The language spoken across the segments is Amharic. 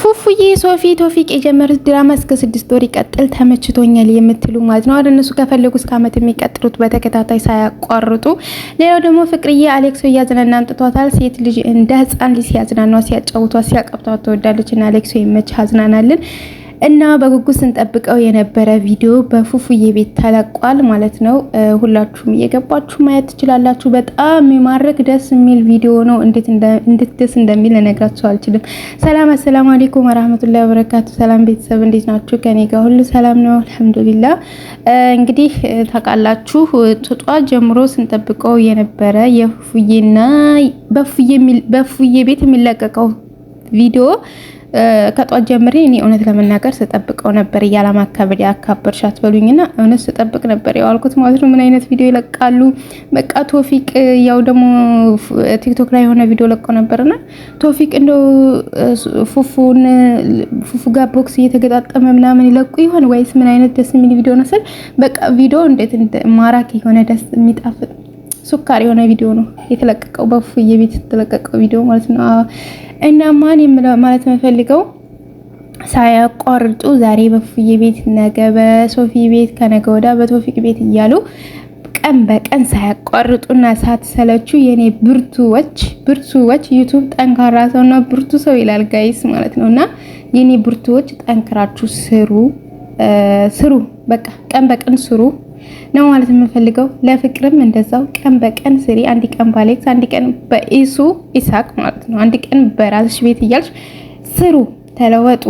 ፉፉዬ ሶፊ ቶፊቅ የጀመሩት ድራማ እስከ ስድስት ወር ይቀጥል ተመችቶኛል የምትሉ ማለት ነው። እነሱ ከፈለጉ እስከ ዓመት የሚቀጥሉት በተከታታይ ሳያቋርጡ። ሌላው ደግሞ ፍቅርዬ አሌክሶ እያዝናና አንጥቷታል። ሴት ልጅ እንደ ሕፃን ሲያዝናኗ ሲያጫውቷ ሲያቀብቷ ትወዳለች እና አሌክሶ የመች አዝናናልን እና በጉጉት ስንጠብቀው የነበረ ቪዲዮ በፉፉዬ ቤት ተለቋል ማለት ነው። ሁላችሁም እየገባችሁ ማየት ትችላላችሁ። በጣም የሚማርክ ደስ የሚል ቪዲዮ ነው። እንዴት ደስ እንደሚል ልነግራችሁ አልችልም። ሰላም አሰላሙ አለይኩም ወራህመቱላሂ ወበረካቱ። ሰላም ቤተሰብ እንዴት ናችሁ? ከኔ ጋር ሁሉ ሰላም ነው አልሐምዱሊላ። እንግዲህ ታውቃላችሁ ጥጧ ጀምሮ ስንጠብቀው የነበረ የፉፉዬና በፉዬ ቤት የሚለቀቀው ቪዲዮ ከጧት ጀምሬ እኔ እውነት ለመናገር ስጠብቀው ነበር። እያላማ አካበድ በሉኝና እውነት ስጠብቅ ነበር የዋልኩት ማለት ነው። ምን አይነት ቪዲዮ ይለቃሉ? በቃ ቶፊቅ ያው ደግሞ ቲክቶክ ላይ የሆነ ቪዲዮ ለቀው ነበርና ቶፊቅ እንደው ፉፉን ፉፉ ጋር ቦክስ እየተገጣጠመ ምናምን ይለቁ ይሆን ወይስ ምን አይነት ደስ የሚል ቪዲዮ ነው ስል በቃ ቪዲዮ እንዴት ማራኪ የሆነ ደስ የሚጣፍጥ ሱካር የሆነ ቪዲዮ ነው የተለቀቀው፣ በፉዬ ቤት የተለቀቀው ቪዲዮ ማለት ነው። እና ማን ማለት የምፈልገው ሳያቋርጡ ዛሬ በፉዬ ቤት፣ ነገ በሶፊ ቤት፣ ከነገ ወዳ በቶፊቅ ቤት እያሉ ቀን በቀን ሳያቋርጡና ሳትሰለቹ የኔ ብርቱዎች ብርቱዎች ዩቱብ ጠንካራ ሰውና ብርቱ ሰው ይላል ጋይስ ማለት ነው። እና የኔ ብርቱዎች ጠንክራችሁ ስሩ ስሩ፣ በቃ ቀን በቀን ስሩ። ነው ማለት የምንፈልገው። ለፍቅርም እንደዛው ቀን በቀን ስሪ። አንድ ቀን ባሌክስ፣ አንድ ቀን በኢሱ ኢሳቅ ማለት ነው። አንድ ቀን በራስሽ ቤት እያልሽ ስሩ፣ ተለወጡ፣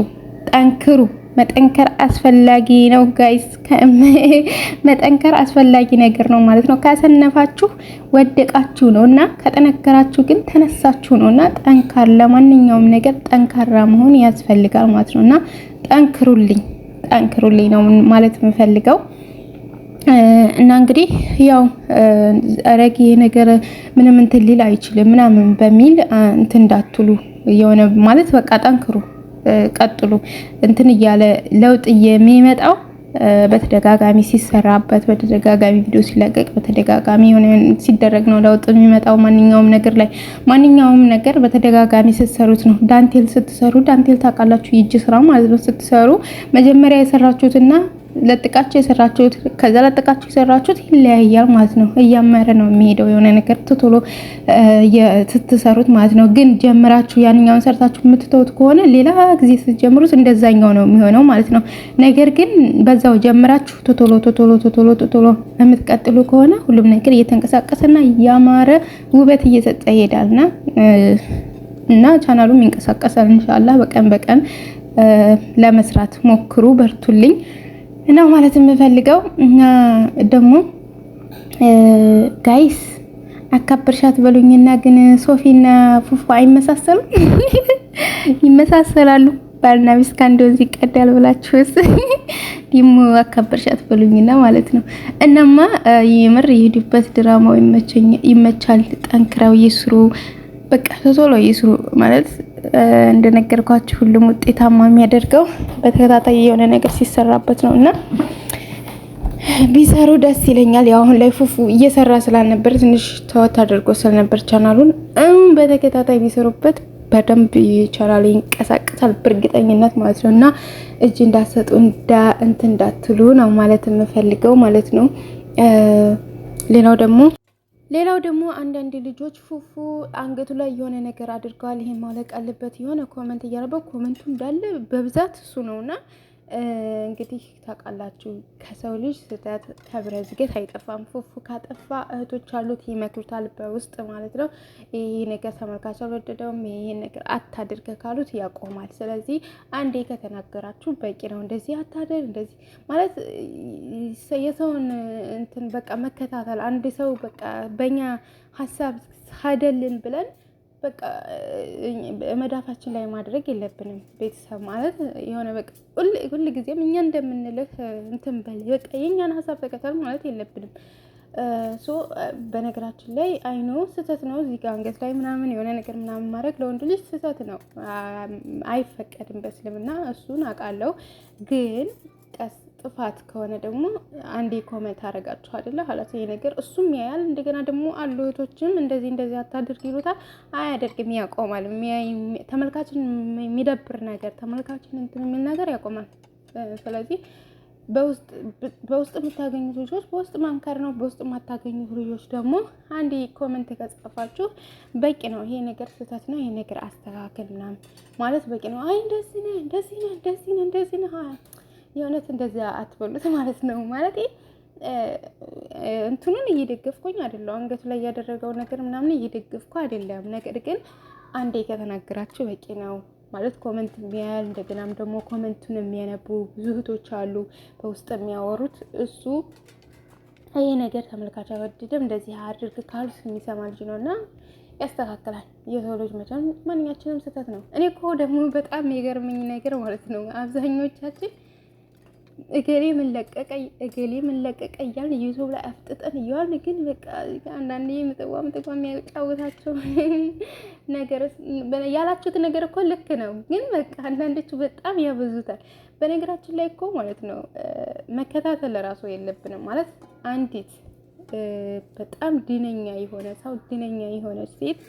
ጠንክሩ። መጠንከር አስፈላጊ ነው ጋይስ፣ መጠንከር አስፈላጊ ነገር ነው ማለት ነው። ካሰነፋችሁ ወደቃችሁ ነው እና ከጠነከራችሁ ግን ተነሳችሁ ነው እና ለማንኛውም ነገር ጠንካራ መሆን ያስፈልጋል ማለት ነው እና ጠንክሩልኝ፣ ጠንክሩልኝ ነው ማለት የምፈልገው። እና እንግዲህ ያው ረግ ይሄ ነገር ምንም እንትን ሊል አይችልም ምናምን በሚል እንትን እንዳትሉ የሆነ ማለት በቃ ጠንክሩ፣ ቀጥሉ። እንትን እያለ ለውጥ የሚመጣው በተደጋጋሚ ሲሰራበት፣ በተደጋጋሚ ቪዲዮ ሲለቀቅ፣ በተደጋጋሚ የሆነ ሲደረግ ነው ለውጥ የሚመጣው። ማንኛውም ነገር ላይ ማንኛውም ነገር በተደጋጋሚ ስትሰሩት ነው። ዳንቴል ስትሰሩ ዳንቴል ታውቃላችሁ፣ የእጅ ስራ ማለት ነው። ስትሰሩ መጀመሪያ የሰራችሁትና ለጥቃችሁ የሰራችሁት ከዛ ለጥቃችሁ የሰራችሁት ይለያያል ማለት ነው። እያመረ ነው የሚሄደው የሆነ ነገር ቶሎ ስትሰሩት ማለት ነው። ግን ጀምራችሁ ያንኛውን ሰርታችሁ የምትተውት ከሆነ ሌላ ጊዜ ስትጀምሩት እንደዛኛው ነው የሚሆነው ማለት ነው። ነገር ግን በዛው ጀምራችሁ ትቶሎ ትቶሎ ቶሎ ትቶሎ የምትቀጥሉ ከሆነ ሁሉም ነገር እየተንቀሳቀሰና እያማረ ውበት እየሰጠ ይሄዳልና እና ቻናሉም ይንቀሳቀሳል። እንሻላ በቀን በቀን ለመስራት ሞክሩ። በርቱልኝ። እና ማለት የምፈልገው እና ደግሞ ጋይስ አካበርሻት በሉኝና፣ ግን ሶፊና ፉፉ አይመሳሰሉም? ይመሳሰላሉ። ባልና ሚስት ከአንድ ወንዝ ይቀዳል ብላችሁስ ዲሙ አካበርሻት በሉኝና ማለት ነው። እናማ የምር የሄዱበት ድራማው ይመቻል። ጠንክረው ይስሩ፣ በቃ ቶሎ ይስሩ ማለት እንደነገርኳችሁ ሁሉም ውጤታማ የሚያደርገው በተከታታይ የሆነ ነገር ሲሰራበት ነው እና ቢሰሩ ደስ ይለኛል። ያው አሁን ላይ ፉፉ እየሰራ ስላልነበር ትንሽ ተወት አድርጎ ስለነበር ቻናሉን እም በተከታታይ ቢሰሩበት በደንብ ይቻላል፣ ይንቀሳቀሳል በእርግጠኝነት ማለት ነው እና እጅ እንዳትሰጡ እንዳ እንትን እንዳትሉ ነው ማለት የምፈልገው ማለት ነው። ሌላው ደግሞ ሌላው ደግሞ አንዳንድ ልጆች ፉፉ አንገቱ ላይ የሆነ ነገር አድርገዋል፣ ይሄ ማለቅ አለበት የሆነ ኮመንት እያረበው ኮመንቱ እንዳለ በብዛት እሱ ነውና እንግዲህ ታውቃላችሁ ከሰው ልጅ ስህተት ከብረ ዝገት አይጠፋም። ፉፉ ካጠፋ እህቶች አሉት ይመክሩታል፣ በውስጥ ማለት ነው። ይህ ነገር ተመልካች አልወደደውም፣ ይህን ነገር አታድርግ ካሉት ያቆማል። ስለዚህ አንዴ ከተናገራችሁ በቂ ነው። እንደዚህ አታድርግ እንደዚህ ማለት የሰውን እንትን በቃ መከታተል አንድ ሰው በቃ በእኛ ሀሳብ ሀደልን ብለን በቃ መዳፋችን ላይ ማድረግ የለብንም። ቤተሰብ ማለት የሆነ በቃ ሁል ጊዜም እኛ እንደምንልህ እንትን በል በቃ የእኛን ሀሳብ ተከተል ማለት የለብንም። ሶ በነገራችን ላይ አይኖ ስህተት ነው። እዚህ ጋር አንገት ላይ ምናምን የሆነ ነገር ምናምን ማድረግ ለወንድ ልጅ ስህተት ነው፣ አይፈቀድም በእስልምና እሱን አውቃለሁ ግን ቀስ ጥፋት ከሆነ ደግሞ አንዴ ኮመንት አረጋችሁ አይደለ ኋላ ይሄ ነገር እሱም ያያል። እንደገና ደግሞ አሉ እህቶችም እንደዚህ እንደዚህ አታድርግ ይሉታል። አያደርግም፣ ያቆማል። ተመልካችን የሚደብር ነገር ተመልካችን እንትን የሚል ነገር ያቆማል። ስለዚህ በውስጥ የምታገኙት ልጆች በውስጥ ማምከር ነው። በውስጥ የማታገኙት ልጆች ደግሞ አንድ ኮመንት ከጻፋችሁ በቂ ነው። ይሄ ነገር ስህተት ነው፣ ይሄ ነገር አስተካክል ምናምን ማለት በቂ ነው። አይ እንደዚህ ነህ እንደዚህ ነህ እንደዚህ ነህ እንደዚህ ነህ የእውነት እንደዚያ አትበሉት ማለት ነው ማለት እንትኑን እየደገፍኩኝ አይደለም፣ አንገቱ ላይ ያደረገው ነገር ምናምን እየደገፍኩ አይደለም። ነገር ግን አንዴ ከተናገራችሁ በቂ ነው ማለት ኮመንት የሚያያል እንደገናም ደግሞ ኮመንቱን የሚያነቡ ብዙ እህቶች አሉ፣ በውስጥ የሚያወሩት እሱ ይሄ ነገር ተመልካች አይወድድም እንደዚህ አድርግ ካሉት የሚሰማ ልጅ ነው እና ያስተካክላል። የሰው ልጅ መቼም ማንኛችንም ስህተት ነው። እኔ እኮ ደግሞ በጣም የገርመኝ ነገር ማለት ነው አብዛኞቻችን እገሌ ምን ለቀቀ እገሌ ምን ለቀቀ እያልን ዩቱብ ላይ አፍጥጠን እየዋልን ግን በቃ አንዳንዴ ምጽዋ ምጽዋ የሚያጫወታቸው ነገር ያላችሁት ነገር እኮ ልክ ነው፣ ግን በቃ አንዳንዶቹ በጣም ያበዙታል። በነገራችን ላይ እኮ ማለት ነው መከታተል ራሱ የለብንም ማለት አንዲት በጣም ድነኛ የሆነ ሰው ድነኛ የሆነች ሴት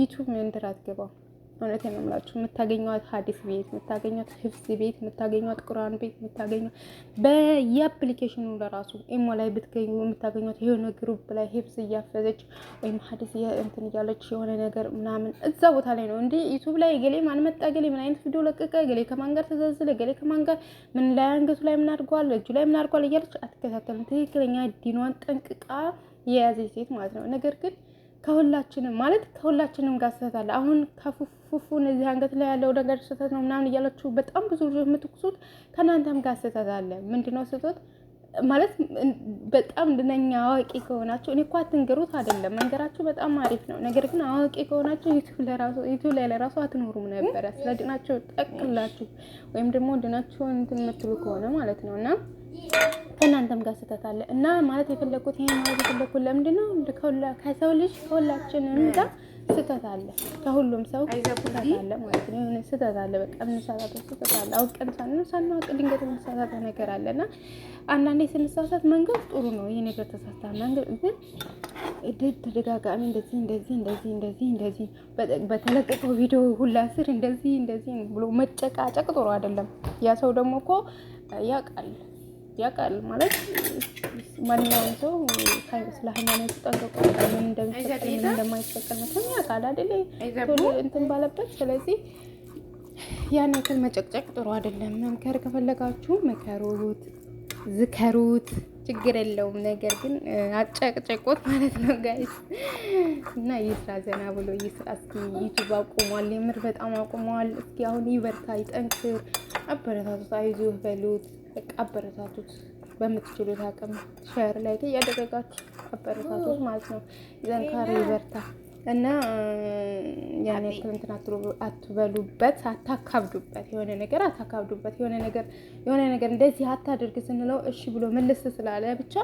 ዩቱብ መንደር አትገባም። እውነት ነው የምላችሁ የምታገኘዋት ሀዲስ ቤት የምታገኘዋት ህፍዝ ቤት የምታገኘዋት ቁርአን ቤት የምታገኘዋት በየአፕሊኬሽኑ ለራሱ ኢሞ ላይ ብትገኙ የምታገኘት የሆነ ግሩፕ ላይ ህፍዝ እያፈዘች ወይም ሀዲስ እንትን እያለች የሆነ ነገር ምናምን እዛ ቦታ ላይ ነው እንዲ ዩቱብ ላይ ገሌ ማን መጣ፣ ገሌ ምን አይነት ቪዲዮ ለቀቀ፣ ገሌ ከማን ጋር ተዘዝለ፣ ገሌ ከማን ጋር ምን ላይ አንገቱ ላይ ምን አድርጓል፣ እጁ ላይ ምን አድርጓል እያለች አትከታተልም። ትክክለኛ ዲኗን ጠንቅቃ የያዘች ሴት ማለት ነው ነገር ግን ከሁላችንም ማለት ከሁላችንም ጋር ስህተት አለ። አሁን ከፉፉፉ እነዚህ አንገት ላይ ያለው ነገር ስህተት ነው ምናምን እያላችሁ በጣም ብዙ ልጆች የምትኩሱት ከእናንተም ጋር ስህተት አለ። ምንድነው ስህተት ማለት? በጣም እንደኛ አዋቂ ከሆናችሁ እኔ እኮ አትንገሩት አይደለም መንገራችሁ በጣም አሪፍ ነው። ነገር ግን አዋቂ ከሆናችሁ ዩቱብ ላይ ለራሱ አትኖሩም ነበረ። ስለ ድናቸው ጠቅላችሁ ወይም ደግሞ ድናችሁን እንትን የምትሉ ከሆነ ማለት ነው እና ከእናንተም ጋር ስህተት አለ እና ማለት የፈለግኩት ይሄን ማለት የፈለግኩት ለምንድን ነው ከሰው ልጅ ከሁላችንም ጋር ስህተት አለ። ከሁሉም ሰው ስህተት አለ ማለት ነው። የሆነ ስህተት አለ። በቃ የምንሳሳተው ስህተት አለ። አውቀን ሳናውቅ ድንገት የምንሳሳተው ነገር አለ እና አንዳንዴ ስንሳሳት መንገድ ጥሩ ነው። ይህ ነገር ተሳሳ መንገድ ግን እድል ተደጋጋሚ እንደዚህ እንደዚህ እንደዚህ እንደዚህ እንደዚህ በተለቀቀው ቪዲዮ ሁላ ስር እንደዚህ እንደዚህ ብሎ መጨቃጨቅ ጥሩ አይደለም። ያ ሰው ደግሞ እኮ ያውቃል ያውቃል ማለት ማንኛውም ሰው ስለ ሃይማኖት ጠንቅቆ ምን እንደሚፈቀድ ምን እንደማይፈቀድ መቼም ያውቃል አይደል? ቶሎ እንትን ባለበት። ስለዚህ ያን ያክል መጨቅጨቅ ጥሩ አይደለም። መምከር ከፈለጋችሁ መከሩት፣ ዝከሩት፣ ችግር የለውም። ነገር ግን አጨቅጨቆት ማለት ነው ጋይስ። እና ይስራ ዘና ብሎ ይስራ። እስኪ ዩቱብ አቁሟል፣ የምር በጣም አቁሟል። እስኪ አሁን ይበርታ፣ ይጠንክር፣ አበረታቱት፣ አይዞህ በሉት። በቃ አበረታቱት። በምትችሉት አቅም ሸር ላይ እያደረጋችሁ አበረታቱት ማለት ነው። ዘንካሪ ይበርታ። እና ያን ያክል እንትን አትበሉበት፣ አታካብዱበት። የሆነ ነገር አታካብዱበት። የሆነ ነገር የሆነ ነገር እንደዚህ አታድርግ ስንለው እሺ ብሎ መልስ ስላለ ብቻ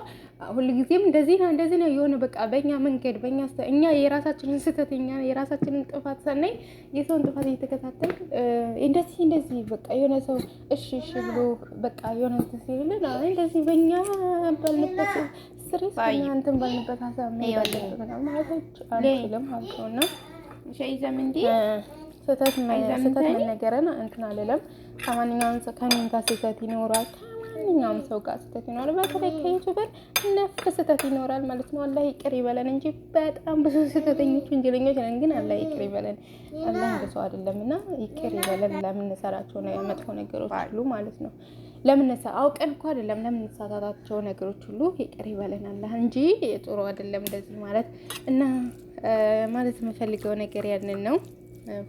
ሁልጊዜም እንደዚህ ነው እንደዚህ ነው የሆነ በቃ በእኛ መንገድ በእኛ እኛ የራሳችንን ስህተት እኛ የራሳችንን ጥፋት ሰናይ የሰውን ጥፋት እየተከታተል እንደዚህ እንደዚህ በቃ የሆነ ሰው እሺ እሺ ብሎ በቃ የሆነ እንደዚህ በእኛ ባልንበት ስሬስ እናንተን ባልንበት ሀሳብ ስህተት መነገረን እንትን አልለም። ከማንኛውም ሰው ከሚንታ ስህተት ይኖራል። ከማንኛውም ሰው ጋር ስህተት ይኖራል። በተለይ ከዩቱበር ነፍ ስህተት ይኖራል ማለት ነው። አላህ ይቅር ይበለን እንጂ በጣም ብዙ ስህተተኞች ወንጀለኞች ነን፣ ግን አላህ ይቅር ይበለን። አላህ እንደ አይደለም እና ይቅር ይበለን ለምንሰራቸው መጥፎ ነገሮች ሁሉ ማለት ነው። ለምንሳ አውቀን እኮ አይደለም ለምንሳታታቸው ነገሮች ሁሉ ይቅር ይበለን እንጂ ጥሩ አይደለም እንደዚህ ማለት እና ማለት የምፈልገው ነገር ያንን ነው።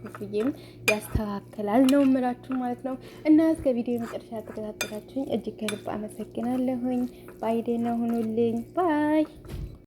ፉፉዬም ያስተካክላል ነው ምላችሁ ማለት ነው። እና እስከ ቪዲዮ መጨረሻ ተከታተላችሁኝ እጅግ ከልብ አመሰግናለሁኝ። ባይዴና ሁኑልኝ ባይ